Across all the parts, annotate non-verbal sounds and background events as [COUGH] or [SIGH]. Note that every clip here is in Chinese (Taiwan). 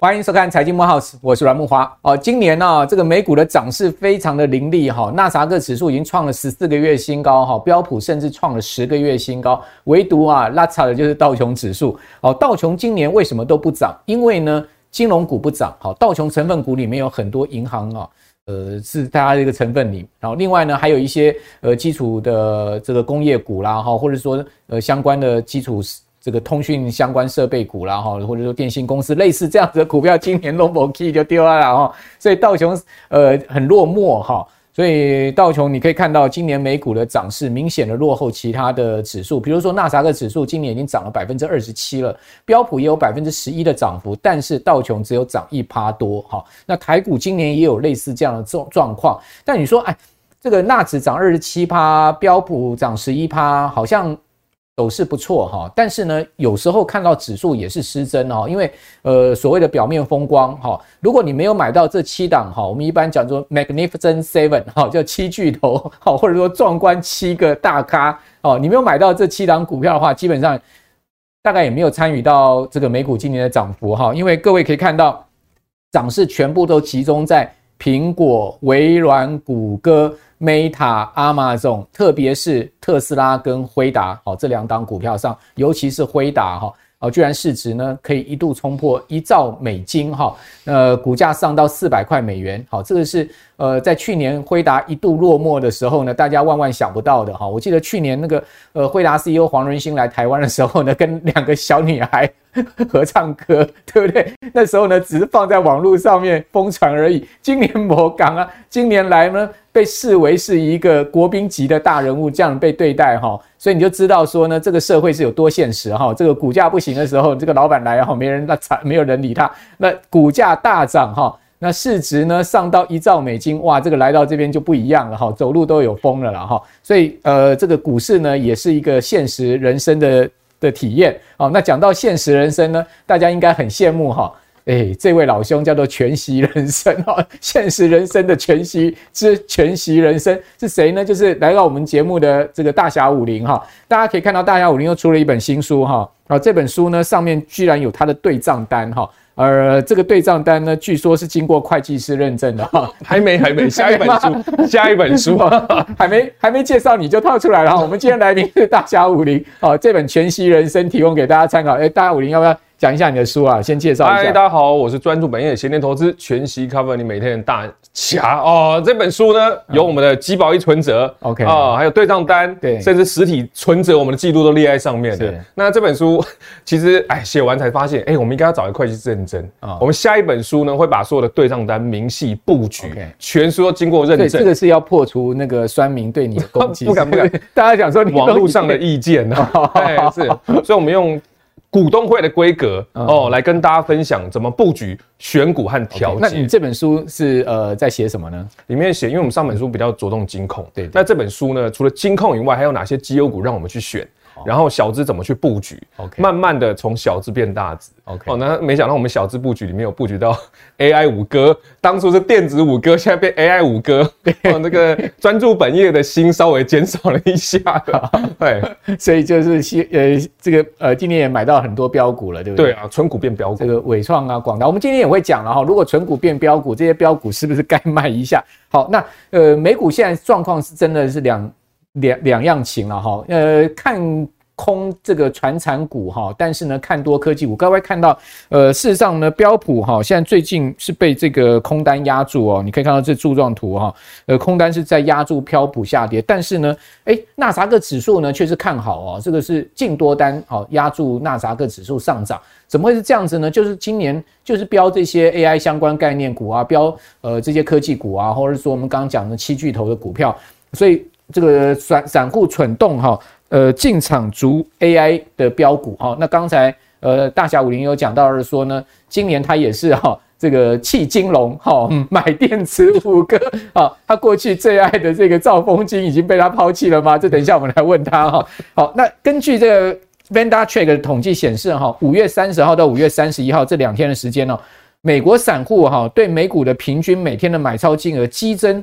歡迎收看財經慕 House，我是阮慕驊哦，今年呢、啊，這個美股的漲勢非常的凌厲哈、哦，納斯達克指數已經創了十四個月新高哈、哦，標普甚至創了十個月新高，唯獨啊，拉差的就是道瓊指數。哦，道瓊今年為什麼都不漲？因為呢，金融股不漲。哈、哦，道瓊成分股裡面有很多銀行啊。呃，是大家的一個成分裡，然後另外呢，還有一些呃基礎的這個工業股啦哈，或者說呃相關的基礎這個通訊相關設備股啦哈，或者說電信公司類似這樣子的股票，今年龍 key 就丟啦，了、哦、哈，所以道瓊呃很落寞哈。哦所以道瓊，你可以看到今年美股的漲勢明顯的落後其他的指數，比如說納斯達克指數今年已經漲了百分之二十七了，標普也有百分之十一的漲幅，但是道瓊只有漲一趴多哈。那台股今年也有類似這樣的狀狀況，但你說，哎，這個納指漲二十七趴，標普漲十一趴，好像。走勢不錯哈，但是呢，有時候看到指數也是失真哦，因為呃所謂的表面風光哈，如果你沒有買到這七檔哈，我們一般講說 Magnificent Seven 哈，叫七巨頭哈，或者說壯觀七個大咖哦，你沒有買到這七檔股票的話，基本上大概也沒有參與到這個美股今年的漲幅哈，因為各位可以看到，漲勢全部都集中在。蘋果、微軟、谷歌、Meta、Amazon，特別是特斯拉跟輝達，好、哦，這兩檔股票上，尤其是輝達哈，居然市值呢可以一度衝破一兆美金哈、哦，呃，股價上到四百塊美元，好、哦，這個是。呃，在去年輝達一度落寞的時候呢，大家萬萬想不到的哈、喔，我記得去年那個呃輝達 CEO 黃仁勳來台灣的時候呢，跟兩個小女孩呵呵合唱歌，對不對？那時候呢，只是放在網絡上面瘋傳而已。今年魔港啊，今年來呢，被視為是一個國賓級的大人物，這樣被對待哈、喔，所以你就知道說呢，這個社會是有多現實哈、喔。這個股價不行的時候，這個老闆來哈，沒人那沒有人理他，那股價大漲哈。那市值呢，上到一兆美金，哇，這個來到這邊就不一樣了哈，走路都有風了啦哈，所以呃，這個股市呢，也是一個現實人生的的體驗、哦、那講到現實人生呢，大家應該很羨慕哈、哦，這位老兄叫做全息人生哈、哦，現實人生的全息之全息人生是誰呢？就是來到我們節目的這個大俠武林哈、哦，大家可以看到大俠武林又出了一本新書哈，啊、哦，這本書呢上面，居然有他的對賬單哈。哦而、呃、這個對賬單呢，據說是經過會計師認證的哈， [LAUGHS] 還沒還沒下一本書， [LAUGHS] 下一本書啊， [LAUGHS] 還沒還沒介紹你就套出來了， [LAUGHS] 我們今天來賓是大俠武林，哦，這本全息人生提供給大家參考，哎、欸，大俠武林要不要？講一下你的書啊，先介紹一下。嗨，大家好，我是專注本業的閒錢投資全息 cover，你每天的大俠哦。這本書呢，有我們的集保 e 存折、嗯、，OK、哦、還有對賬單，對，甚至實體存折，我們的記錄都列在上面的對。那這本書其實，哎，寫完才發現，哎、欸，我們應該要找一塊去認證。啊、嗯。我們下一本書呢，會把所有的對賬單明細布局、okay，全書都經過認證。這個是要破除那個酸民對你的攻擊， [LAUGHS] 不敢不敢。 [LAUGHS] 大家講想說你 [LAUGHS] 網絡上的意見啊、 [LAUGHS] oh，是， [LAUGHS] 所以我們用。股東會的規格、嗯、哦，來跟大家分享怎麼布局選股和調整。Okay, 那你這本書是呃在寫什麼呢？裡面寫，因為我們上本書比較着重金控，嗯、對、對、對。那這本書呢，除了金控以外，還有哪些績優股讓我們去選？然後小資怎麼去佈局、okay. 慢慢的從小資變大資。哦，那沒想到我們小資佈局裡面有佈局到 AI 五哥，當初是電子五哥，現在變 AI 五哥，對，哦、那個專注本業的心稍微減少了一下了，對，所以就是呃這個呃今年也買到很多飆股了，對不對？對啊，存股變飆股，這個緯創啊、廣達，我們今天也會講了哈，如果存股變飆股，這些飆股是不是該賣一下？好，那呃美股現在狀況是真的是兩。兩兩樣情了哈，呃，看空這個傳產股哈，但是呢，看多科技股。各位看到，呃，事實上呢，標普哈現在最近是被這個空單壓住哦。你可以看到這柱狀圖哈，呃，空單是在壓住標普下跌，但是呢，誒，納薩克指數呢卻是看好哦，這個是淨多單哦，壓住納薩克指數上漲，怎麼會是這樣子呢？就是今年就是標這些 AI 相關概念股啊，標呃這些科技股啊，或者說我們剛剛講的七巨頭的股票，所以。這個散散戶蠢動哈、哦，呃，進場逐 AI 的飆股哈、哦。那剛才呃，大俠武林有講到是說呢，今年他也是哈、哦，這個棄金融哈，買電子五哥啊。他過去最愛的這個兆豐金已經被他拋棄了嗎？這等一下我們來問他哈、哦。好，那根據這個 VandaTrack 的統計顯示哈，五月三十號到五月三十一號這兩天的時間呢、哦，美國散戶哈、哦，對美股的平均每天的買超金額激增。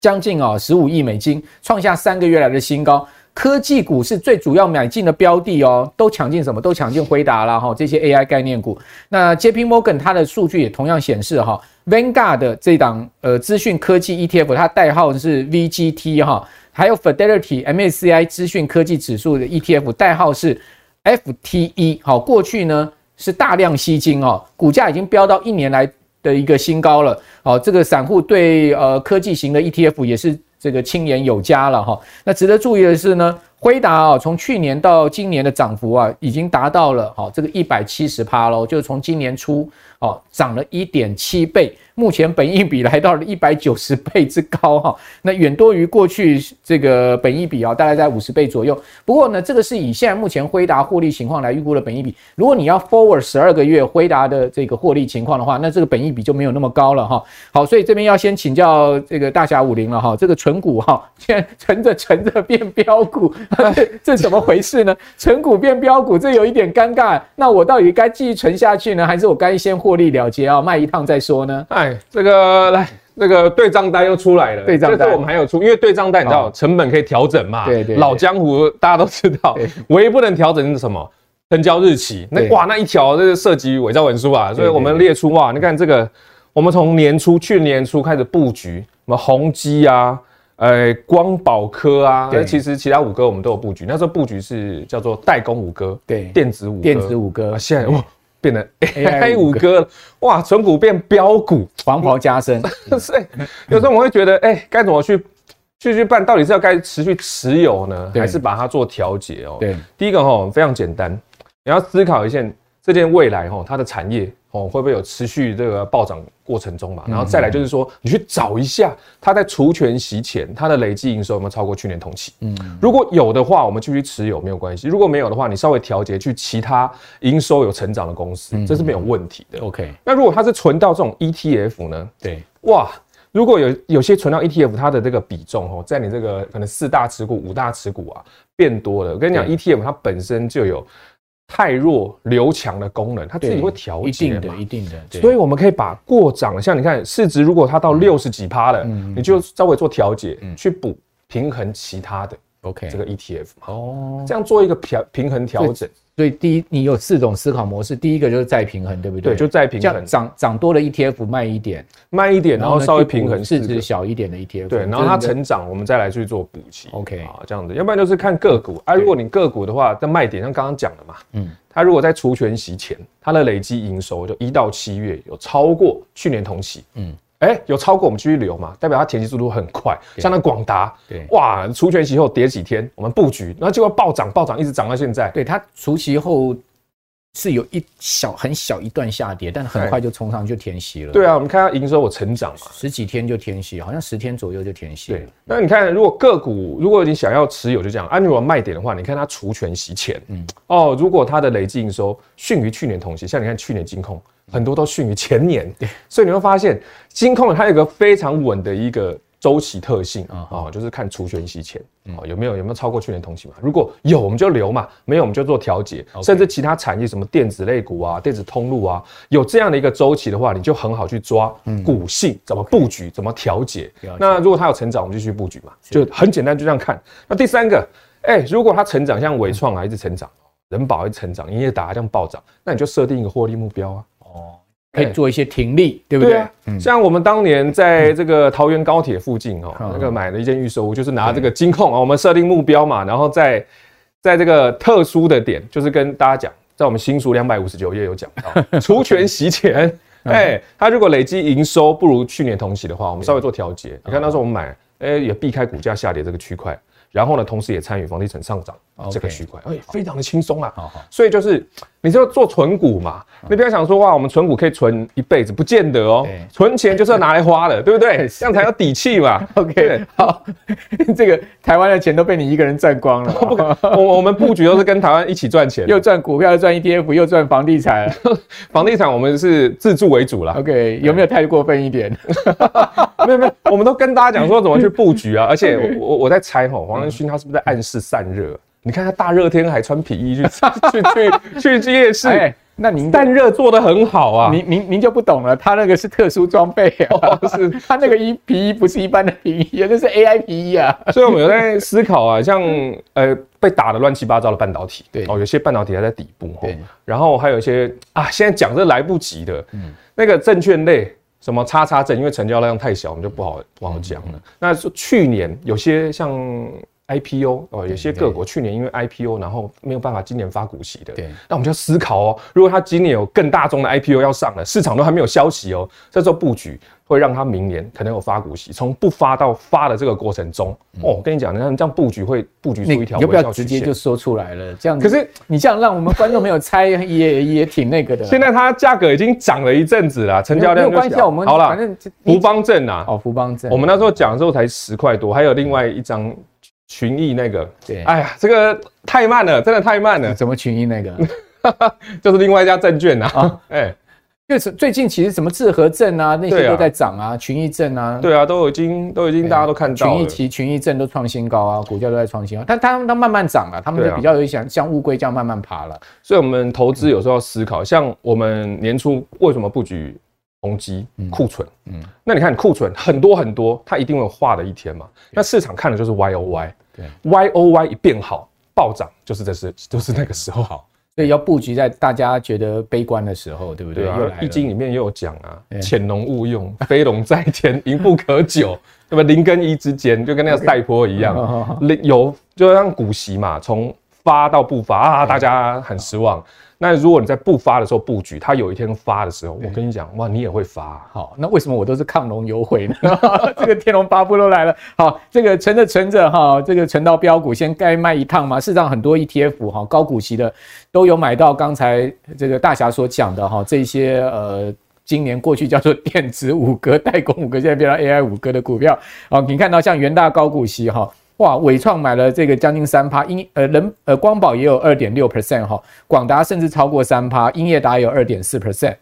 將近啊，十五億美金創下三個月來的新高，科技股是最主要買進的標的哦，都搶進什麼？都搶進輝達啦。哈，這些 AI 概念股。那 JPMorgan 它的數據也同樣顯示哈，Vanguard 的這檔呃資訊科技 ETF，它代號是 VGT 哈，還有 Fidelity MSCI 資訊科技指數的 ETF 代號是 FTE。好，過去呢是大量吸金哦，股價已經飆到一年來。的一個新高了，好、哦，這個散戶對呃科技型的 ETF 也是這個青眼有加了哈、哦。那值得注意的是呢，輝達啊，從去年到今年的漲幅啊，已經達到了好、哦、這個一百七十趴嘍，就是從今年初。哦，漲了一點七倍，目前本益比來到了一百九十倍之高哈、哦，那遠多於過去這個本益比啊、哦，大概在五十倍左右。不過呢，這個是以現在目前輝達獲利情況來預估的本益比。如果你要 forward 十二個月輝達的這個獲利情況的話，那這個本益比就沒有那麼高了哈、哦。好，所以這邊要先請教這個大俠武林了哈、哦，這個存股哈、哦，現在存着存着變飆股， [LAUGHS] [LAUGHS] 這怎麼回事呢？存股變飆股，這有一點尷尬。那我到底該繼續存下去呢，還是我該先？獲利了結啊、哦，賣一趟再說呢。哎，這個來，這個對賬單又出來了。對賬單我們還有出，因為對賬單你知道、哦、成本可以調整嘛。對對，對對。老江湖大家都知道，對對對對，唯一不能調整是什麼？成交日期。那哇，那一條這是涉及偽造文書啊，所以我們列出對對對對哇。你看這個，我們從年初去年初開始佈局什麼宏碁啊，呃，光寶科啊，其實其他五哥我們都有佈局。那時候佈局是叫做代工五哥，對，電子五哥，電子五哥，現在。變得 AI 五哥了哇，存股變飆股，黃袍加身、嗯。 [LAUGHS] 所以有時候我會覺得，哎，該怎麼去去去辦？到底是要該持續持有呢，還是把它做調節哦？對，第一個哈，非常簡單，你要思考一下。這件未來哦，它的產業哦，會不會有持續這個暴漲過程中嘛、嗯？然後再來就是說，你去找一下，它在除權息前，它的累計營收有沒有超過去年同期？嗯，如果有的話，我們繼續持有沒有關係；如果沒有的話，你稍微調節去其他營收有成長的公司，這是沒有問題的。嗯、OK，那如果它是存到這種 ETF 呢？對，哇，如果有有些存到 ETF，它的這個比重哦，在你這個可能四大持股、五大持股啊變多了。我跟你講，ETF 它本身就有。太弱留強的功能，它自己會調節的嘛，對，一定的，一定的，對。所以我們可以把過漲，像你看市值如果它到六十幾趴了，嗯，你就稍微做調節，嗯，去補平衡其他的。OK，這個 ETF 哦，oh. 這樣做一個調平衡調整。所以第一，你有四種思考模式。第一個就是再平衡，對不對？對，就再平衡。漲漲多了 ETF 慢一點，慢一點，然後稍微平衡市值小一點的 ETF。對，然後它成長，我們再來去做補齊。OK 啊，這樣子。要不然就是看個股。哎、啊，如果你個股的話，在賣點像剛剛講的嘛，嗯，它如果在除權息前，它的累計營收就一到七月有超過去年同期，嗯。哎、欸，有超過我們繼續留嘛？代表它填息速度很快，像那廣達，哇，除權息後跌幾天，我們布局，那就要暴漲暴漲，一直漲到現在。對它除息後是有一小很小一段下跌，但很快就衝上去就填息了對對。對啊，我們看它營收，我成長嘛十幾天就填息，好像十天左右就填息。對，那你看如果個股，如果你想要持有就這樣。安、啊、如果賣點的話，你看它除權息前，嗯哦，如果它的累計營收遜於去年同期，像你看去年金控。很多都遜於前年，所以你會發現，金控它有個非常穩的一個周期特性啊、uh -huh. 哦，就是看除權息前、哦、有沒有有沒有超過去年同期嘛？如果有我們就留嘛，沒有我們就做調節，okay. 甚至其他產業什麼電子類股啊、電子通路啊，有這樣的一個周期的話，你就很好去抓股性怎麼布局、怎麼調節。Okay. 調節 okay. 那如果它有成長，我們就去布局嘛，就很簡單就這樣看。那第三個，哎、欸，如果它成長像緯創啊一直成長，嗯、仁寶一直成長，英業達還這樣暴漲，那你就設定一個獲利目標啊。哦，可以做一些停利、欸，對不對，對、啊嗯、像我們當年在這個桃園高鐵附近哦、喔嗯，那個買了一間預售屋、嗯，就是拿這個金控啊、喔，我們設定目標嘛，然後在在這個特殊的點，就是跟大家講，在我們新書兩百五十九頁有講到， [LAUGHS] 除權息息錢哎、 [LAUGHS] 欸嗯，它如果累計營收不如去年同期的話，我們稍微做調節。你看那時候我們買，哎、欸，也避開股價下跌這個區塊，然後呢，同時也參與房地產上漲這個區塊，哎、okay 欸，非常的輕鬆啊。好好，所以就是。你就要做存股嘛，你不要想說哇，我們存股可以存一輩子，不見得哦、喔。Okay. 存錢就是要拿來花的， [LAUGHS] 對不對？這樣才有底氣嘛。OK，好，這個台灣的錢都被你一個人賺光了。 [LAUGHS] 我們布局都是跟台灣一起賺錢， [LAUGHS] 又賺股票，又賺 ETF，又賺房地產。 [LAUGHS] 房地產我們是自住為主了。OK，有沒有太過分一點？沒有沒有，我們都跟大家講說怎麼去布局啊。而且我、okay. 我，我在猜吼，黃仁勳他是不是在暗示散熱？你看他大熱天還穿皮衣去 [LAUGHS] 去去去夜市， [LAUGHS] 哎，那您散熱做得很好啊您！您您您就不懂了，他那個是特殊裝備啊！哦、是，他那個皮衣不是一般的皮衣啊，就是 AI 皮衣啊！所以我們有在思考啊， [LAUGHS] 像呃被打的亂七八糟的半導體，對哦，有些半導體還在底部、哦、對。然後還有一些啊，現在講這來不及的，嗯，那個證券類什麼叉叉證，因為成交量太小，我們就不好、嗯、不好講了、嗯嗯嗯。那就去年有些像。IPO 哦，有些各國去年因為 IPO，然後沒有辦法今年發股息的。對，那我們就要思考哦，如果他今年有更大宗的 IPO 要上了，市場都還沒有消息哦，這時候布局會讓他明年可能有發股息。從不發到發的這個過程中，哦，我、嗯、跟你講，你看這樣布局會布局出一條。你不要直接就說出來了，這樣子。可是你這樣讓我們觀眾沒有猜， [LAUGHS] 也也挺那個的。現在它價格已經漲了一陣子了，成交量沒關係，我們好了，反正福邦證啊，哦，福邦證，我們那時候講的時候才十塊多、嗯，還有另外一張。群益那個，對，哎呀，這個太慢了，真的太慢了。怎麼群益那個？ [LAUGHS] 就是另外一家證券吶、啊。哎、啊欸，就是最近其實什麼致和證啊那些都在漲啊，啊，群益證啊，對啊，都已經都已經大家都看到了、啊、群益期、群益證都創新高啊，股價都在創新高。但它們慢慢漲了、啊，它們就比較有像像烏龜這樣慢慢爬了。啊、所以我們投資有時候要思考、嗯，像我們年初為什麼布局？攻擊庫存嗯，嗯，那你看庫存很多很多，它一定會有化的一天嘛。那市場看的就是 Y O Y，對，Y O Y 一變好暴漲，就是這是就是那個時候好。所以要布局在大家覺得悲觀的時候，對不對？對、啊。易經裡面又有講啊，“潛龍勿用，飛龍在天，盈不可久”，那 [LAUGHS] 麼零跟一之間就跟那個賽坡一樣，okay. 有就像股息嘛，從發到不發啊，大家很失望。那如果你在不發的時候布局，它有一天發的時候，我跟你講哇，你也會發、啊。好，那為什麼我都是亢龍有悔呢？ [LAUGHS] 這個天龍八部都來了。好，這個存着存着哈、哦，這個存到飆股先該賣一趟嘛。市場很多 ETF 哈、哦，高股息的都有買到。剛才這個大俠所講的哈、哦，這些呃，今年過去叫做電子五哥、代工五哥，現在變成 AI 五哥的股票啊，你看到像元大高股息哈。哦哇，緯創買了這個將近三趴，英，呃人呃光寶也有二點六 percent 哈，廣達甚至超過三趴，英業達也有二點四 percent，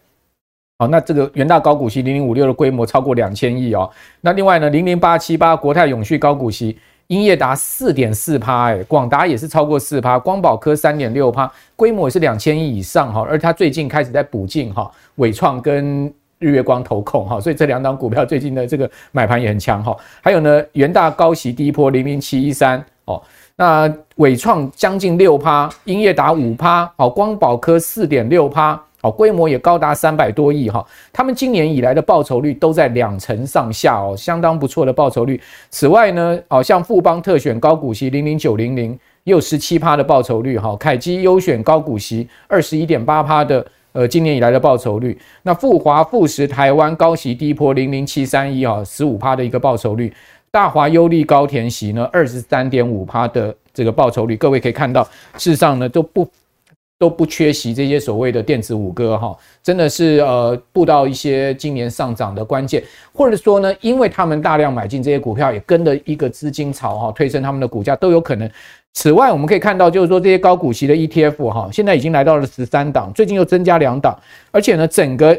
好，那這個元大高股息零零五六的規模超過兩千億哦，那另外呢零零八七八國泰永續高股息音達4 .4，英業達四點四趴哎，廣達也是超過四趴，光寶科三點六趴，規模也是兩千億以上哈，而它最近開始在補進哈，緯創跟。日月光投控哈，所以這兩檔股票最近的這個買盤也很強哈。還有呢，元大高息低波零零七一三哦，那緯創將近六趴，英業達五趴，好，光寶科四點六趴，好，規模也高達三百多億哈。他們今年以來的報酬率都在兩成上下哦，相當不錯的報酬率。此外呢，好像富邦特選高股息零零九零零，也有十七趴的報酬率哈，凱基優選高股息二十一點八趴的。呃，今年以來的報酬率，那復華、富時、台灣高息低波零零七三一啊，十五趴的一個報酬率，大華優利高填息呢，二十三點五趴的這個報酬率，各位可以看到，事實上呢，都不都不缺席這些所謂的電子五哥哈，真的是呃步到一些今年上漲的關鍵，或者說呢，因為他們大量買進這些股票，也跟着一個資金潮哈、哦，推升他們的股價都有可能。此外，我們可以看到，就是說這些高股息的 ETF 哈，現在已經來到了十三檔，最近又增加兩檔，而且呢，整個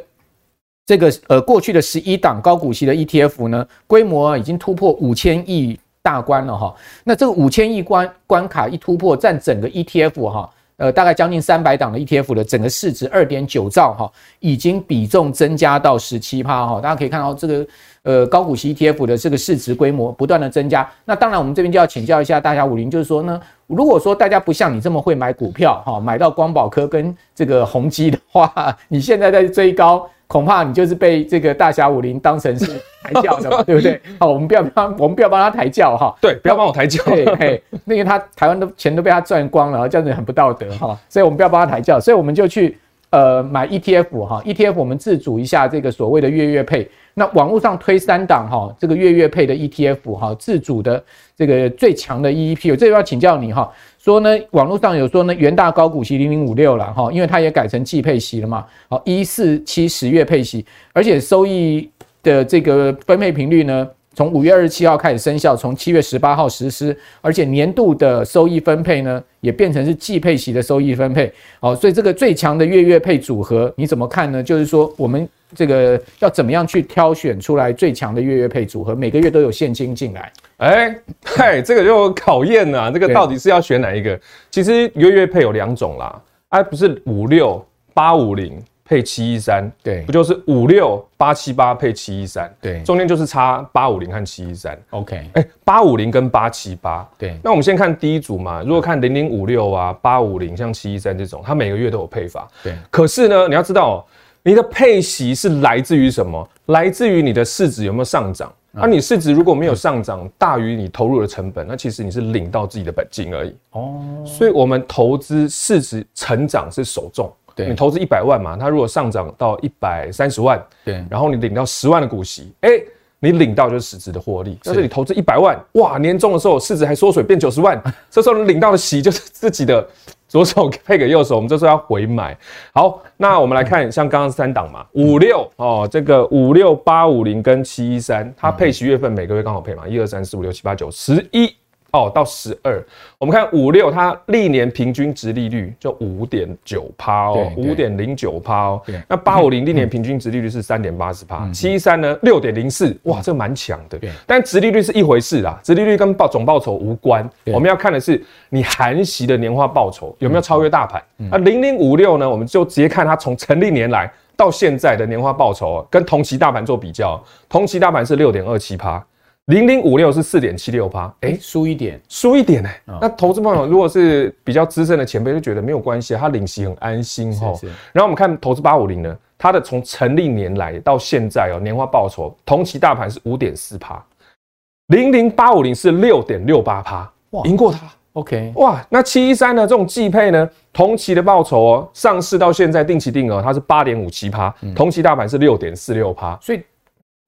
這個呃過去的十一檔高股息的 ETF 呢，規模已經突破五千億大關了哈。那這個五千億關關卡一突破，佔整個 ETF 哈，呃大概將近三百檔的 ETF 的整個市值二點九兆哈，已經比重增加到十七趴哈。大家可以看到這個。呃，高股息 ETF 的這個市值規模不斷的增加，那當然我們這邊就要請教一下大俠武林，就是說呢，如果說大家不像你這麼會買股票，哈，買到光寶科跟這個宏碁的話，你現在在追高，恐怕你就是被這個大俠武林當成是抬轎的， [LAUGHS] 對不對？好，我們不要幫我們不要幫他抬轎哈。 [LAUGHS] 對，喔、不要幫我抬轎。對，那個他台灣的錢都被他賺光了，這樣子很不道德哈， [LAUGHS] 所以我們不要幫他抬轎，所以我們就去。呃，買 ETF 哈，ETF 我們自組一下這個所謂的月月配。那網絡上推三檔哈，這個月月配的 ETF 哈，自組的這個最強的 EEP，這要請教你哈。說呢，網絡上有說呢，元大高股息零零五六啦哈，因為它也改成季配息了嘛。好，一四七十月配息，而且收益的這個分配頻率呢？從五月二十七號開始生效，從七月十八號實施，而且年度的收益分配呢，也變成是季配息的收益分配。好、哦，所以這個最強的月月配組合，你怎麼看呢？就是說，我們這個要怎麼樣去挑選出來最強的月月配組合，每個月都有現金進來？哎，嗨、哎，這個又考驗了、啊，這個到底是要選哪一個？其實月月配有兩種啦，哎、啊，不是五六八五零。配七一三，對，不就是五六八七八配七一三，對，中間就是差八五零和七一三，OK，哎，八五零跟八七八，對，那我們先看第一組嘛，如果看零零五六啊，八五零像七一三這種，它每個月都有配發，對，可是呢，你要知道、喔、你的配息是來自於什麼？來自於你的市值有沒有上漲？而、嗯啊、你市值如果沒有上漲，大於你投入的成本、嗯，那其實你是領到自己的本金而已，哦，所以我們投資市值成長是首重。對，你投資一百萬嘛，它如果上漲到一百三十萬，對，然後你領到十萬的股息，誒、欸、你領到就是市值的獲利。但是，是你投資一百萬，哇，年終的時候市值還縮水變九十萬、啊，這時候你領到的息就是自己的左手配給右手，我們這時候要回買。好，那我們來看，像剛剛三檔嘛，五、嗯、六哦，這個五六八五零跟七一三，它配息月份每個月剛好配嘛，一二三四五六七八九十一。1, 2, 3, 4, 5, 6, 7, 8, 9, 哦，到十二，我們看五六，它歷年平均殖利率就五點九趴哦，五點零九趴哦。對，那八五零歷年平均殖利率是三點八十趴，七三呢，六點零四，哇，這個蠻強的。對，但殖利率是一回事啦，殖利率跟報總報酬無關。對，我們要看的是你含息的年化報酬有沒有超越大盤。那零零五六呢，我們就直接看它從成立年來到現在的年化報酬，跟同期大盤做比較，同期大盤是六點二七趴。零零五六是四點七六趴，哎、欸，輸一點，輸一點誒、欸哦、那投資朋友如果是比較資深的前輩，就覺得沒有關係啊，他領息很安心哈。然後我們看投資八五零呢，它的從成立年來到現在哦、喔，年化報酬同期大盤是五點四趴。零零八五零是六點六八趴，哇，贏過它，OK，哇，那七一三呢？這種季配呢，同期的報酬哦、喔，上市到現在定期定額它是八點五七趴，同期大盤是六點四六趴。嗯、所以。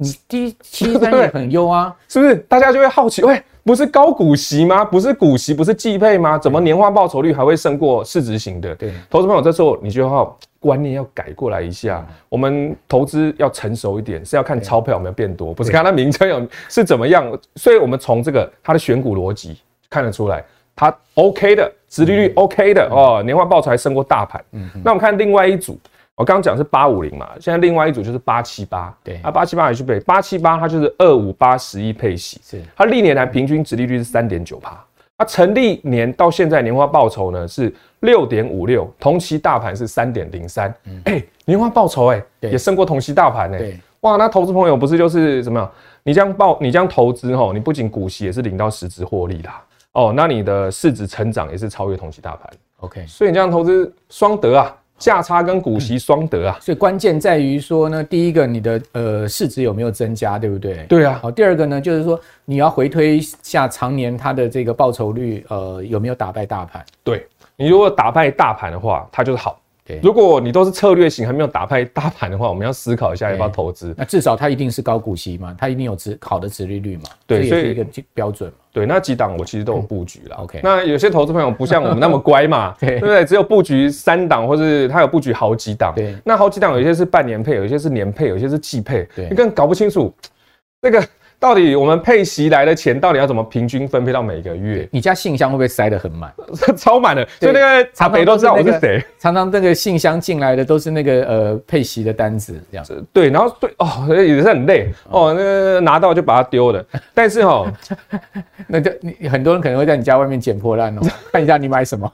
你低低分也很優啊， [LAUGHS] 是不是？大家就會好奇，喂，不是高股息嗎？不是股息，不是季配嗎？怎麼年化報酬率還會勝過市值型的？對，嗯、投資朋友，這時候你就要觀念要改過來一下，嗯、我們投資要成熟一點，是要看鈔票有沒有變多，嗯、不是看它名稱有是怎麼樣。所以我們從這個它的選股邏輯看得出來，它 OK 的，殖利率 OK 的、嗯、哦，年化報酬還勝過大盤。嗯，那我們看另外一組。我剛剛講是八五零嘛，現在另外一組就是八七八，對，那八七八來去配，八七八它就是二五八十一配息，它歷年來平均殖利率是三點九八，它、啊、成立年到現在年化報酬呢是六點五六，同期大盤是三點零三，年化報酬哎、欸、也勝過同期大盤哎、欸，哇，那投資朋友不是就是怎麼樣？你這樣報，你這樣投資吼、喔，你不僅股息也是領到實質獲利啦，哦、喔，那你的市值成長也是超越同期大盤，OK，所以你這樣投資雙得啊。價差跟股息雙得啊、嗯，所以關鍵在於說呢，第一個你的呃市值有沒有增加，對不對？對啊，好、喔，第二個呢就是說你要回推一下常年它的這個報酬率，呃有沒有打敗大盤？對，你如果打敗大盤的話，它就是好。如果你都是策略型還沒有打敗大盤的話，我們要思考一下要不要投資。那至少它一定是高股息嘛，它一定有值好的殖利率嘛。對，所以是一個標準對，那幾檔我其實都有布局了。OK，那有些投資朋友不像我們那麼乖嘛， [LAUGHS] 對不對？只有布局三檔，或是他有布局好幾檔。對，那好幾檔有些是半年配，有些是年配，有些是季配。對，你更搞不清楚那個。到底我們配息來的錢到底要怎麼平均分配到每個月？你家信箱會不會塞得很滿？超滿了，所以那個阿北都、那個、都知道我是誰。常常那個信箱進來的都是那個呃配息的單子，這樣子。對，然後對哦，也是很累哦，哦。那拿到就把它丟了。但是哦， [LAUGHS] 那就你很多人可能會在你家外面撿破爛哦， [LAUGHS] 看一下你買什麼。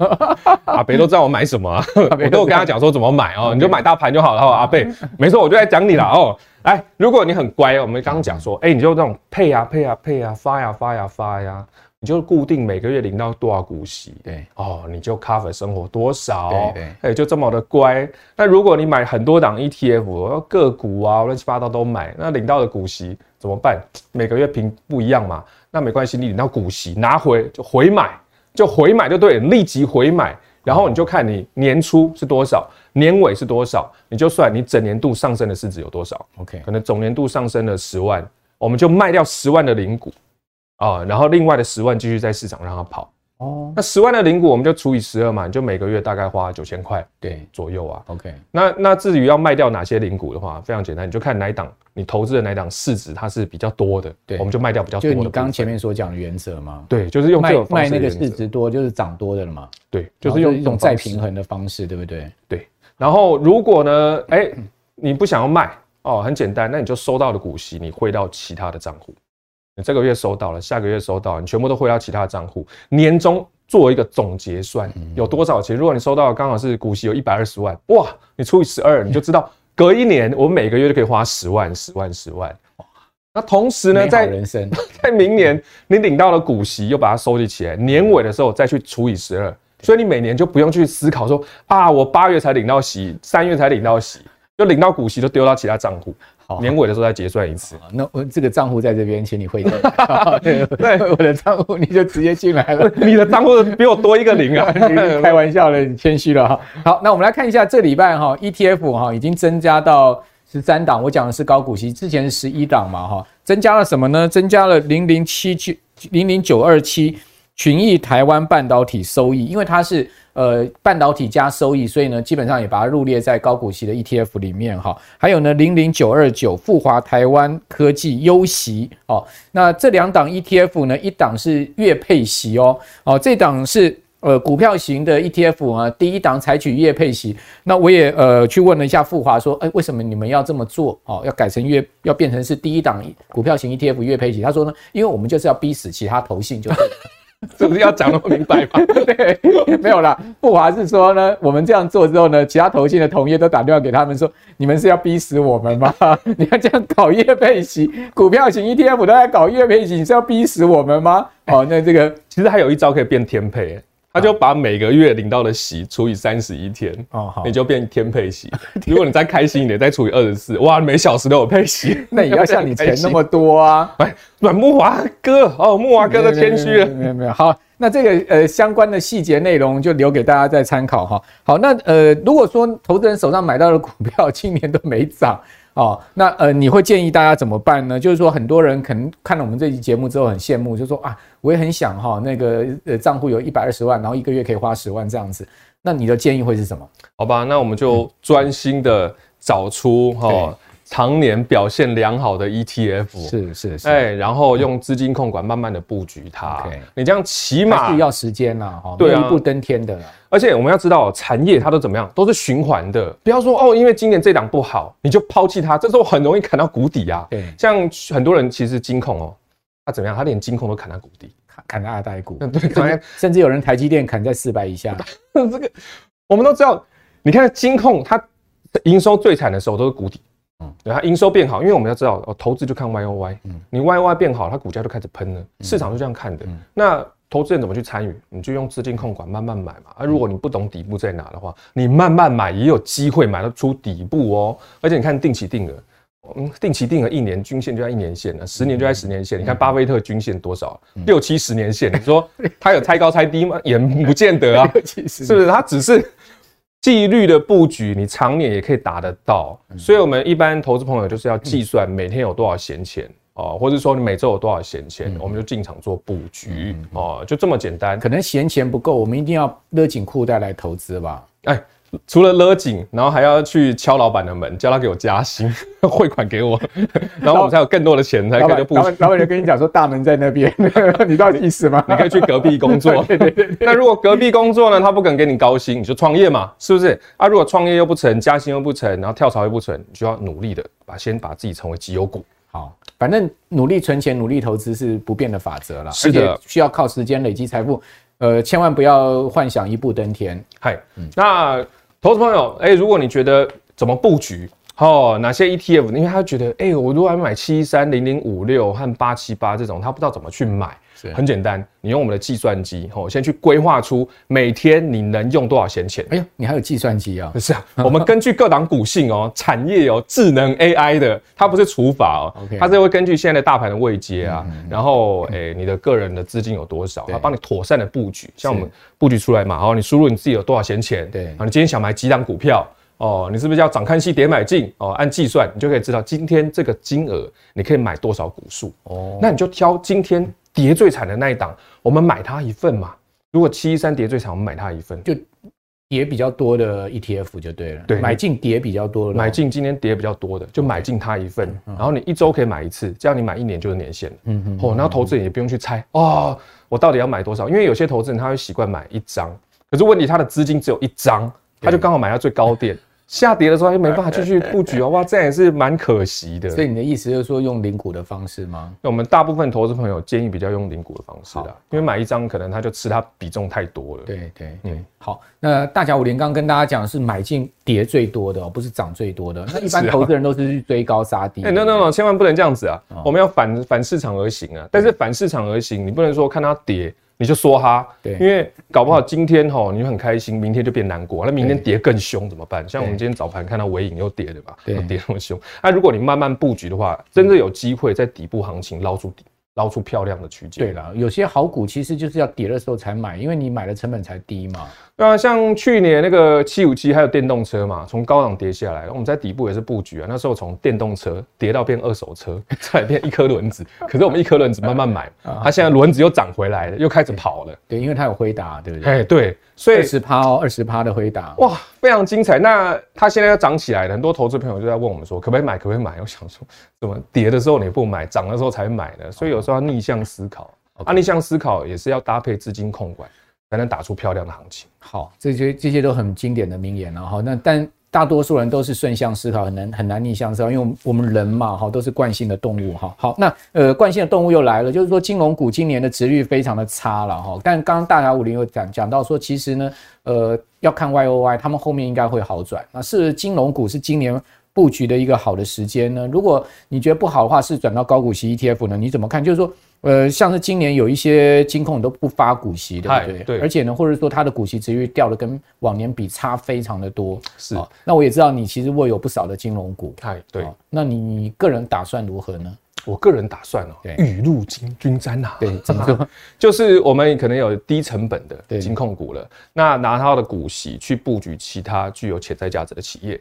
[LAUGHS] 阿北都知道我買什麼、啊，都 [LAUGHS] 我都跟他講說怎麼買哦，okay. 你就買大盤就好了。哦，阿北、嗯，沒錯，我就來講你了 [LAUGHS] 哦。哎，如果你很乖，我們剛剛講說，哎、嗯欸，你就那種配呀配呀配呀發呀發呀發呀，啊啊、fire fire fire, 你就固定每個月領到多少股息，對哦，你就 cover 生活多少，哎、欸，就這麼的乖。那如果你買很多檔 ETF，個股啊亂七八糟都買，那領到的股息怎麼辦？每個月並不一樣嘛？那沒關係，你領到股息拿回就回買，就回買就對，立即回買，然後你就看你年初是多少。嗯年尾是多少，你就算你整年度上升的市值有多少？OK，可能總年度上升了十萬，我們就賣掉十萬的零股，啊，然後另外的十萬繼續在市場讓它跑。哦，那十萬的零股我們就除以十二嘛，你就每個月大概花九千塊對左右啊。OK，那那至於要賣掉哪些零股的話，非常簡單，你就看哪檔你投資的哪檔市值它是比較多的，對，我們就賣掉比較多。就你剛前面所講的原則嘛？對，就是用賣賣那個市值多就是漲多的了嘛。對，就是用一種再平衡的方式對、哦，就是、方式對不對？對。然後，如果呢？哎，你不想要賣哦，很簡單，那你就收到的股息你匯到其他的賬戶。你這個月收到了，下個月收到了，你全部都匯到其他的賬戶。年終做一個總結算，有多少錢？嗯。如果你收到剛好是股息有一百二十萬，哇，你除以十二，你就知道隔一年我每個月就可以花十萬、十萬、十萬。哇，那同時呢，在人生 [LAUGHS] 在明年你領到了股息又把它收集起來，年尾的時候再去除以十二。所以你每年就不用去思考說啊，我八月才領到息，三月才領到息，就領到股息就丟到其他賬戶，好，年尾的時候再結算一次好好好好好好。那我這個賬戶在這邊，請你匯入。 [LAUGHS] 對，我的賬戶你就直接進來了， [LAUGHS] 你的賬戶比我多一個零啊， [LAUGHS] 開玩笑了，你謙虛了哈。好，那我們來看一下這禮拜哈，ETF 哈已經增加到十三檔，我講的是高股息，之前是十一檔嘛哈，增加了什麼呢？增加了零零七九零零九二七，群益台灣半導體收益，因為它是呃半導體加收益，所以呢，基本上也把它入列在高股息的 ETF 裡面哈。還有呢，零零九二九復華台灣科技優息哦。那這兩檔 ETF 呢，一檔是月配息哦，哦，這檔是呃股票型的 ETF 啊。第一檔採取月配息，那我也呃去問了一下復華說，誒、欸、為什麼你們要這麼做？哦，要改成月，要變成是第一檔股票型 ETF 月配息？他說呢，因為我們就是要逼死其他投信就，就是。是不是要講那麼明白嗎？ [LAUGHS] 對，沒有啦。富華是說呢，我們這樣做之後呢，其他投信的同業都打電話給他們說，你們是要逼死我們嗎？你要這樣搞業配型、股票型 ETF 都在搞業配型，你是要逼死我們嗎？好、哦，那這個其實還有一招可以變天配、欸。他就把每個月領到的息除以三十一天，哦，好，你就變天配息。如果你再開心一點， [LAUGHS] 再除以二十四，哇，每小時都有配息，那你也要像你錢那麼多啊！軟阮 [LAUGHS] 慕驊哥，哦，慕驊哥都謙虛了，沒有沒有。好，那這個呃相關的細節內容就留給大家再參考哈、哦。好，那呃如果說投資人手上買到的股票今年都沒漲。哦，那呃，你會建議大家怎麼辦呢？就是說，很多人可能看了我們這期節目之後很羨慕，就說啊，我也很想哈、哦，那個呃，賬戶有一百二十萬，然後一個月可以花十萬這樣子。那你的建議會是什麼？好吧，那我們就專心的找出哈。嗯哦常年表現良好的 ETF，是是是。欸、然後用資金控管慢慢的布局它。嗯、你這樣起碼要時間吶、啊哦，對、啊，一步登天的。而且我們要知道產業它都怎麼樣，都是循環的。不要說哦，因為今年這檔不好，你就拋棄它，這時候很容易砍到谷底啊。對，像很多人其實金控哦，他、啊、怎麼樣，他連金控都砍到谷底，砍砍到二代股，對，甚至有人台積電砍在四百以下。 [LAUGHS] 這個我們都知道，你看金控它營收最慘的時候都是谷底。嗯、它營收變好，因為我們要知道，哦、投資就看 Y O Y，你 Y O Y 變好，它股價就開始噴了、嗯，市場就這樣看的。嗯、那投資人怎麼去參與？你就用資金控管慢慢買嘛。啊，如果你不懂底部在哪的話，你慢慢買也有機會買得出底部哦。而且你看定期定額、嗯，定期定額一年均線就在一年線了、嗯，十年就在十年線、嗯。你看巴菲特均線多少、嗯？六七十年線。你說他有猜高猜低嗎？ [LAUGHS] 也不見得啊，六七十年，是不是？他只是。紀律的布局，你常年也可以達得到，所以，我們一般投資朋友就是要計算每天有多少閒錢哦，或者說你每周有多少閒錢，我們就進場做布局哦，就這麼簡單、嗯嗯嗯嗯。可能閒錢不夠，我們一定要勒緊褲帶來投資吧。哎、欸。除了勒緊，然後還要去敲老板的門，叫他給我加薪，匯款給我，然後我們才有更多的錢，才可以不。老闆就跟你講說大門在那邊，你到底意思嗎？你可以去隔壁工作。對對，對。那如果隔壁工作呢？他不肯給你高薪，你就創業嘛，是不是？啊，如果創業又不成，加薪又不成，然後跳槽又不成，你就要努力的把先把自己成為績優股。好，反正努力存錢、努力投資是不變的法則啦。是的，需要靠時間累積財富。呃，千萬不要幻想一步登天。嗨，那。嗯投資朋友，誒、欸，如果你覺得怎麼布局，哦，哪些 ETF，因為他覺得，誒、欸，我如果要買七三零零五六和八七八這種，他不知道怎麼去買。很簡單，你用我們的計算機，吼，先去規劃出每天你能用多少閒錢。哎呀，你還有計算機啊、哦？ [LAUGHS] 是啊，我們根據各檔股性哦，產業哦，智能 AI 的，它不是除法哦，okay. 它是會根據現在的大盤的位階啊嗯嗯，然後誒、欸，你的個人的資金有多少，嗯、它幫你妥善的布局。像我們布局出來嘛，好，你輸入你自己有多少閒錢，對，好，你今天想買幾檔股票。哦，你是不是叫漲看戲，跌買進？哦，按計算你就可以知道今天這個金額你可以買多少股數。哦，那你就挑今天跌最慘的那一檔、嗯，我們買它一份嘛。如果七一三跌最慘，我們買它一份，就跌比較多的 ETF 就對了。對，買進跌比較多的，買進今天跌比較多的，就買進它一份、嗯。然後你一周可以買一次，這樣你買一年就是年限了嗯哼，哦，然後投資人也不用去猜、嗯、哦，我到底要買多少？因為有些投資人他會習慣買一張，可是問題他的資金只有一張。他就剛好買到最高點， [LAUGHS] 下跌的時候他就沒辦法繼續布局、喔、 [LAUGHS] 哇，這樣也是蠻可惜的。所以你的意思就是說用零股的方式嗎？我們大部分投資朋友建議比較用零股的方式啊，因為買一張可能他就吃它比重太多了。對對，嗯、對好。那大俠武林剛跟大家講是買進跌最多的，不是漲最多的。那一般投資人都是去追高殺低的。那那那千萬不能這樣子啊！哦、我們要反反市場而行啊！但是反市場而行，嗯、你不能說看它跌。你就梭哈，對，因為搞不好今天吼、嗯，你就很開心，明天就變難過，那明天跌更兇、欸、怎麼辦？像我們今天早盤看到緯穎又跌了，對、欸、吧？又跌那麼兇，那、啊、如果你慢慢佈局的話，真的有機會在底部行情撈出底，撈出漂亮的區間。對啦，有些好股其實就是要跌的時候才買，因為你買的成本才低嘛。對啊，像去年那個七五七還有電動車嘛，從高檔跌下來，我們在底部也是布局啊。那時候從電動車跌到變二手車， [LAUGHS] 再變一顆輪子。 [LAUGHS] 可是我們一顆輪子慢慢買，它 [LAUGHS] 現在輪子又漲回來了，又開始跑了。對，對，因為它有回答，對不對？哎、欸，對。所以二十趴哦，二十趴的回答哇，非常精彩。那它現在要漲起來了，很多投資朋友就在問我們說，可不可以買？可不可以買？我想說，怎麼跌的時候你不買，漲的時候才買呢？所以有時候要逆向思考，okay. 啊，okay. 逆向思考也是要搭配資金控管，才能打出漂亮的行情。好，這些這些都很經典的名言了、哦、哈。好，那但。大多數人都是順向思考，很難很難逆向思考，因為我們人嘛，哈，都是慣性的動物，哈。好，那呃，慣性的動物又來了，就是說金融股今年的殖率非常的差了，哈。但剛剛大俠武林又講講到說，其實呢，呃，要看 Y O Y，他們後面應該會好轉。那是不是金融股是今年布局的一個好的時間呢？如果你覺得不好的話，是轉到高股息 E T F 呢？你怎麼看？就是說。呃，像是今年有一些金控都不發股息，的，對？而且呢，或者說它的股息殖利率掉的跟往年比差非常的多。是。那我也知道你其實握有不少的金融股。對。那你個人打算如何呢？我個人打算哦、喔，雨露均均沾吶。對，怎麼說，就是我們可能有低成本的金控股了，那拿它的股息去布局其他具有潛在價值的企業。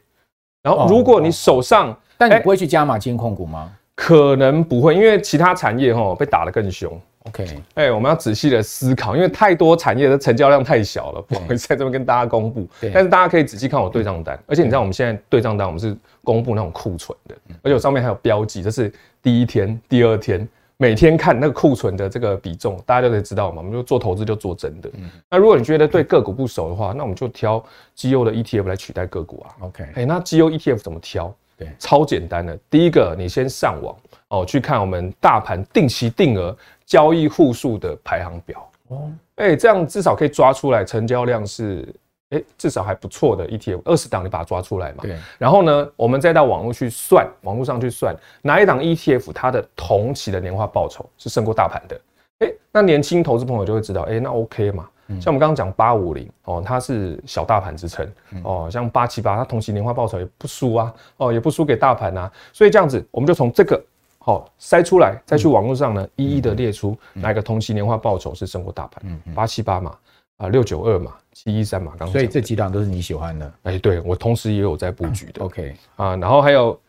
然後，如果你手上、哦，哦欸、但你不會去加碼金控股嗎？可能不會，因為其他產業哈被打得更凶。OK，、欸、我們要仔細的思考，因為太多產業的成交量太小了，不好意思在這邊跟大家公布。Yeah. 但是大家可以仔細看我對賬單，yeah. 而且你知道我們現在對賬單我們是公布那種庫存的，okay. 而且我上面還有標記，這是第一天、第二天，每天看那個庫存的這個比重，大家就可以知道嘛。我們就做投資就做真的、嗯。那如果你覺得對個股不熟的話，那我們就挑績優的 ETF 來取代個股啊。OK，、欸、那績優 ETF 怎麼挑？超簡單的，第一個，你先上網哦，去看我們大盤定期定額交易戶數的排行表哦，誒、欸，這樣至少可以抓出來成交量是，誒、欸，至少還不錯的 ETF，二十檔你把它抓出來嘛，對，然後呢，我們再到網絡去算，網絡上去算哪一檔 ETF 它的同期的年化報酬是勝過大盤的，誒、欸，那年輕投資朋友就會知道，誒、欸，那 OK 嘛。像我們剛剛講八五零哦，它是小大盤之稱哦，像八七八，它同期年化報酬也不輸啊哦，也不輸給大盤啊，所以這樣子我們就從這個好篩、哦、出來，再去網絡上呢、嗯，一一的列出哪個同期年化報酬是勝過大盤，八七八嘛，啊六九二嘛，七一三嘛，剛所以這幾檔都是你喜歡的，誒、欸，對我同時也有在布局的 [LAUGHS] ，OK 啊、呃，然後還有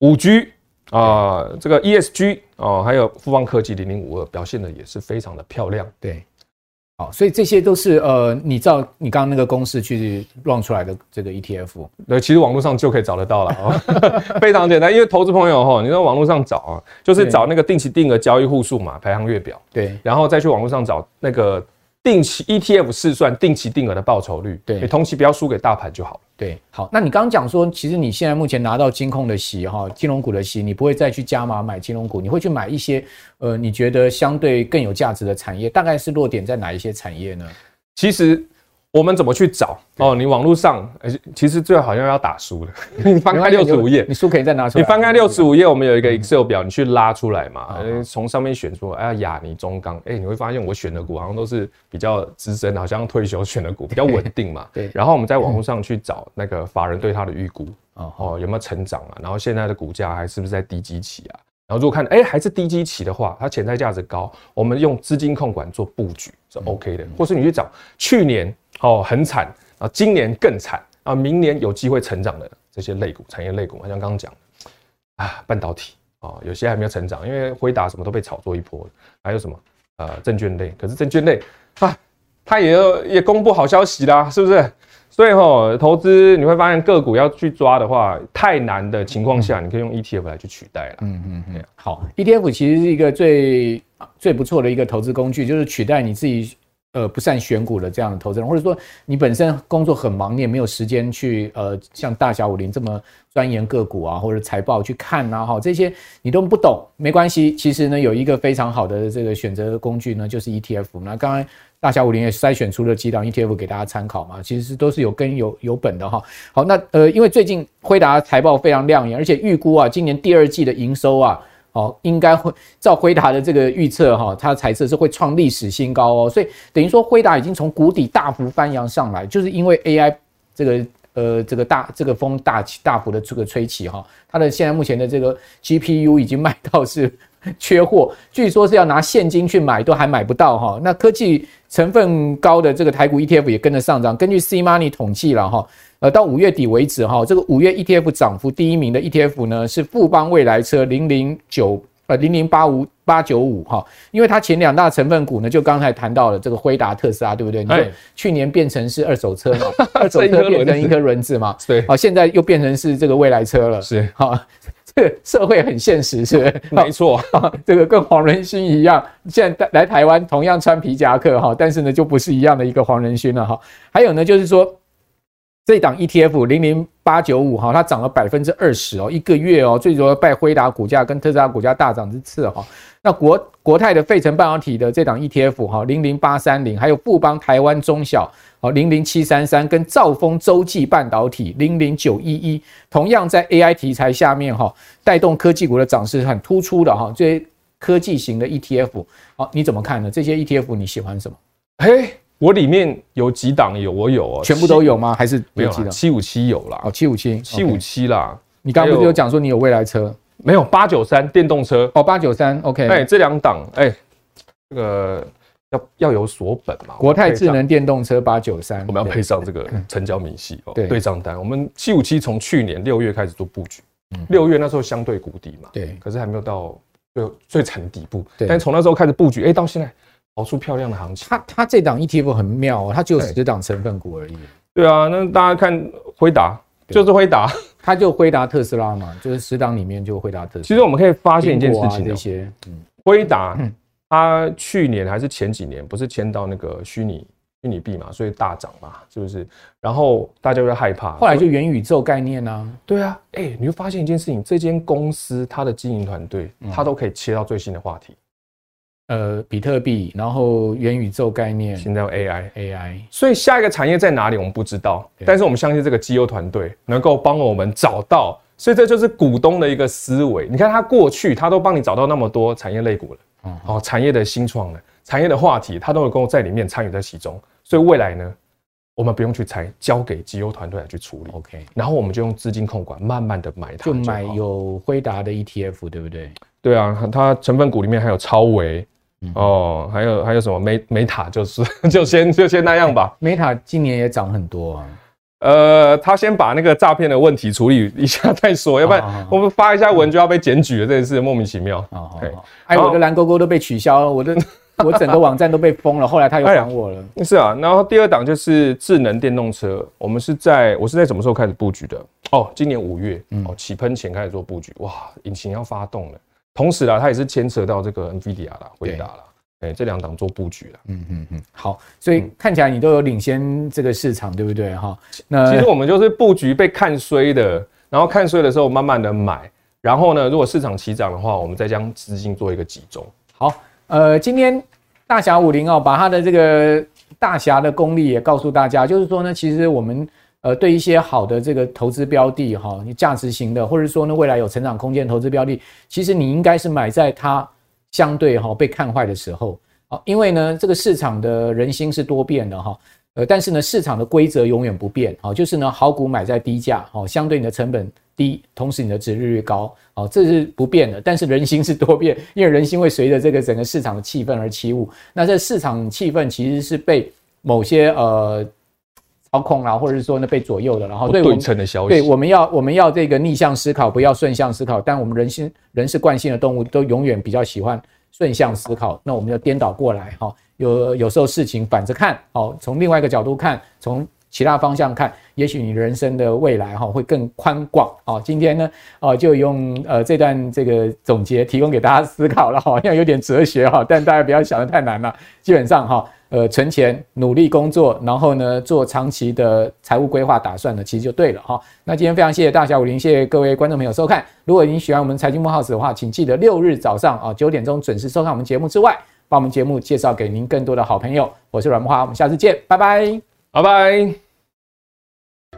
五 G 啊，okay. 這個 ESG 哦、呃，還有富邦科技零零五二表現的也是非常的漂亮，對。好，所以這些都是呃，你照你剛剛那個公式去 run 出來的這個 ETF，其實網絡上就可以找得到了， [LAUGHS] [LAUGHS] 非常簡單。因為投資朋友哈、喔，你在網絡上找啊，就是找那個定期定額交易戶數嘛，排行月表，對，然後再去網絡上找那個。定期 ETF 試算定期定額的報酬率，對，你同期不要輸給大盤就好，對，對，好，那你剛剛講說，其實你現在目前拿到金控的息，哈，金融股的息，你不會再去加碼買金融股，你會去買一些，呃，你覺得相對更有價值的產業，大概是落點在哪一些產業呢？其實。我們怎麼去找？哦，你網絡上、欸，其實最好要要打書的。 [LAUGHS] 你翻開六十五頁，你書可以再拿出來、啊。你翻開六十五頁，我們有一個 Excel 表，嗯、你去拉出來嘛，從、嗯呃、上面選出，哎、啊、呀，亞泥中鋼、中鋼，哎，你會發現我選的股好像都是比較資深，好像退休選的股比較穩定嘛對。對。然後我們在網絡上去找那個法人對他的預估、嗯，哦，有沒有成長啊？然後現在的股價還是不是在低基期啊？然後如果看，哎，還是低基期的話，它潛在價值高，我們用資金控管做布局是 OK 的，嗯嗯。或是你去找去年哦很慘，啊今年更慘，啊明年有機會成長的這些類股、產業類股，好像剛剛講啊，半導體啊，有些還沒有成長，因為輝達什麼都被炒作一波還有什麼啊，呃、證券類，可是證券類啊，它也也公布好消息啦，啊，是不是？所以吼，投資你會發現個股要去抓的話，太難的情況下，你可以用 ETF 來去取代了。嗯嗯嗯，好，ETF 其實是一個最最不錯的一個投資工具，就是取代你自己。呃，不善選股的這樣的投資人，或者說你本身工作很忙，你也沒有時間去呃，像大俠武林這麼鑽研個股啊，或者財報去看啊，哈，這些你都不懂，沒關係。其實呢，有一個非常好的這個選擇工具呢，就是 ETF。那剛才大俠武林也篩選出了幾檔 ETF 給大家參考嘛，其實都是有根有有本的哈。好，那呃，因為最近輝達財報非常亮眼，而且預估啊，今年第二季的營收啊。哦，應該會照輝達的這個預測哈，它的財測是會創歷史新高哦，所以等於說輝達已經從谷底大幅翻揚上來，就是因為 AI 這個呃這個大這個風大起大幅的這個吹起哈，它的現在目前的這個 GPU 已經賣到是缺貨，據說是要拿現金去買都還買不到哈、哦，那科技成分高的這個台股 ETF 也跟着上漲，根據 C Money 統計了哈、哦。呃，到五月底為止，哈，這個五月 ETF 漲幅第一名的 ETF 呢，是富邦未來車零零九呃零零八五八九五哈，0085, 895, 因為它前兩大成分股呢，就剛才談到了這個輝達特斯拉，對不對？對。去年變成是二手車嘛，哎、二手車變成一顆輪子嘛。對。啊，現在又變成是這個未來車了。是。啊，這個社會很現實，是不是？沒錯。這個跟黃仁勳一樣，現在來台灣同樣穿皮夾克哈，但是呢，就不是一樣的一個黃仁勳了哈。還有呢，就是說。這檔 ETF 零零八九五哈，它漲了百分之二十哦，一個月哦，最主要拜輝達股價跟特斯拉股價大漲之賜。哈。那國國泰的費城半導體的這檔 ETF 哈零零八三零，還有富邦台灣中小哦零零七三三跟兆豐洲際半導體零零九一一，同樣在 AI 題材下面哈，帶動科技股的漲勢很突出的哈。這些科技型的 ETF，好，你怎麼看呢？這些 ETF 你喜歡什麼？嘿、欸。我裡面有幾檔有，我有、哦，全部都有嗎？還是沒有？七五七有啦。哦，七五七，七五七啦。你剛剛不是有講說你有未來車？有沒有，八九三電動車。哦，八九三，OK、欸。哎，這兩檔，哎、欸，這個、呃、要要有所本嘛。國泰智能電動車八九三，我們要配上這個成交明細哦，對賬單。我們七五七從去年六月開始做佈局，六、嗯、月那時候相對谷底嘛，對，可是還沒有到最最慘的底部。對但從那時候開始佈局，哎、欸，到現在。跑出漂亮的行情，它它這檔 ETF 很妙哦，它只有十檔成分股而已。嗯、對啊，那大家看輝達，就是輝達，它就輝達特斯拉嘛，就是十檔裡面就輝達特斯拉。其實我們可以發現一件事情，啊、這些，嗯，輝達，它去年還是前幾年，不是簽到那個虛擬虛擬幣嘛，所以大漲嘛，是不是？然後大家會害怕，後來就元宇宙概念啊，對啊，哎，你會發現一件事情，這間公司它的經營團隊，它都可以切到最新的話題、嗯。嗯呃，比特幣，然後元宇宙概念，現在有 AI，AI，AI，所以下一個產業在哪裡？我們不知道，但是我們相信這個 GU 團隊能夠幫我們找到，所以這就是股東的一個思維。你看他過去，他都幫你找到那麼多產業類股了，嗯、哦，產業的新創的，產業的話題，他都能夠在裡面參與在其中。所以未來呢，我們不用去猜，交給 GU 團隊來去處理，OK，然後我們就用資金控管，慢慢的買它就，就買有輝達的 ETF，對不對？對啊，它成分股裡面還有超微。哦，還有還有什麼？美美塔就是，就先就先那樣吧。欸、美塔今年也漲很多啊。呃，他先把那個詐騙的問題處理一下再說，哦，要不然我們發一下文就要被檢舉了，哦，這件事莫名其妙，哦哎嗯。哎，我的藍勾勾都被取消了，我的我整個網站都被封了。 [LAUGHS] 後來他又想我了，哎。是啊，然後第二檔就是智能電動車。我們是在我是在什麼時候開始布局的？哦，今年五月，嗯，哦，起噴前開始做布局。哇，引擎要發動了。同時它也是牽扯到這個 Nvidia 啦，輝達啦，哎、欸，這兩檔做布局啦，嗯嗯嗯，好，所以看起來你都有領先這個市場，對不對哈、嗯？那其實我們就是布局被看衰的，然後看衰的時候慢慢的買、嗯，然後呢，如果市場起漲的話，我們再將資金做一個集中。好，呃，今天大俠五零哦，把它的這個大俠的功力也告訴大家，就是說呢，其實我們。呃，對一些好的這個投資標的哈、哦，你價值型的，或者說呢未來有成長空間投資標的，其實你應該是買在它相對哈、哦、被看壞的時候啊、哦，因為呢這個市場的人心是多變的哈、哦，呃，但是呢市場的規則永遠不變啊、哦，就是呢好股買在低價好、哦、相對你的成本低，同時你的殖利率越高啊、哦，這是不變的，但是人心是多變，因為人心會隨着這個整個市場的氣氛而起舞，那這市場氣氛其實是被某些呃。操控啊，或者是說呢被左右的，然後對我們，對我們要我們要這個逆向思考，不要順向思考。但我們人心人是慣性的動物，都永遠比較喜歡順向思考。那我們就顛倒過來哈，有有時候事情反着看，哦，從另外一個角度看，從其他方向看，也許你人生的未來哈會更寬廣。今天呢，哦，就用呃這段這個總結提供給大家思考了，好像有點哲學哈，但大家不要想得太難了，基本上哈。呃，存錢，努力工作，然後呢，做長期的財務規劃打算呢，其實就對了哈、哦。那今天非常謝謝大家五零，謝謝各位觀眾朋友收看。如果您喜歡我們財經木 h o 的話，請記得六日早上啊、哦、九點鐘準時收看我們節目之外，把我們節目介紹給您更多的好朋友。我是阮木花，我們下次見，拜拜，拜拜。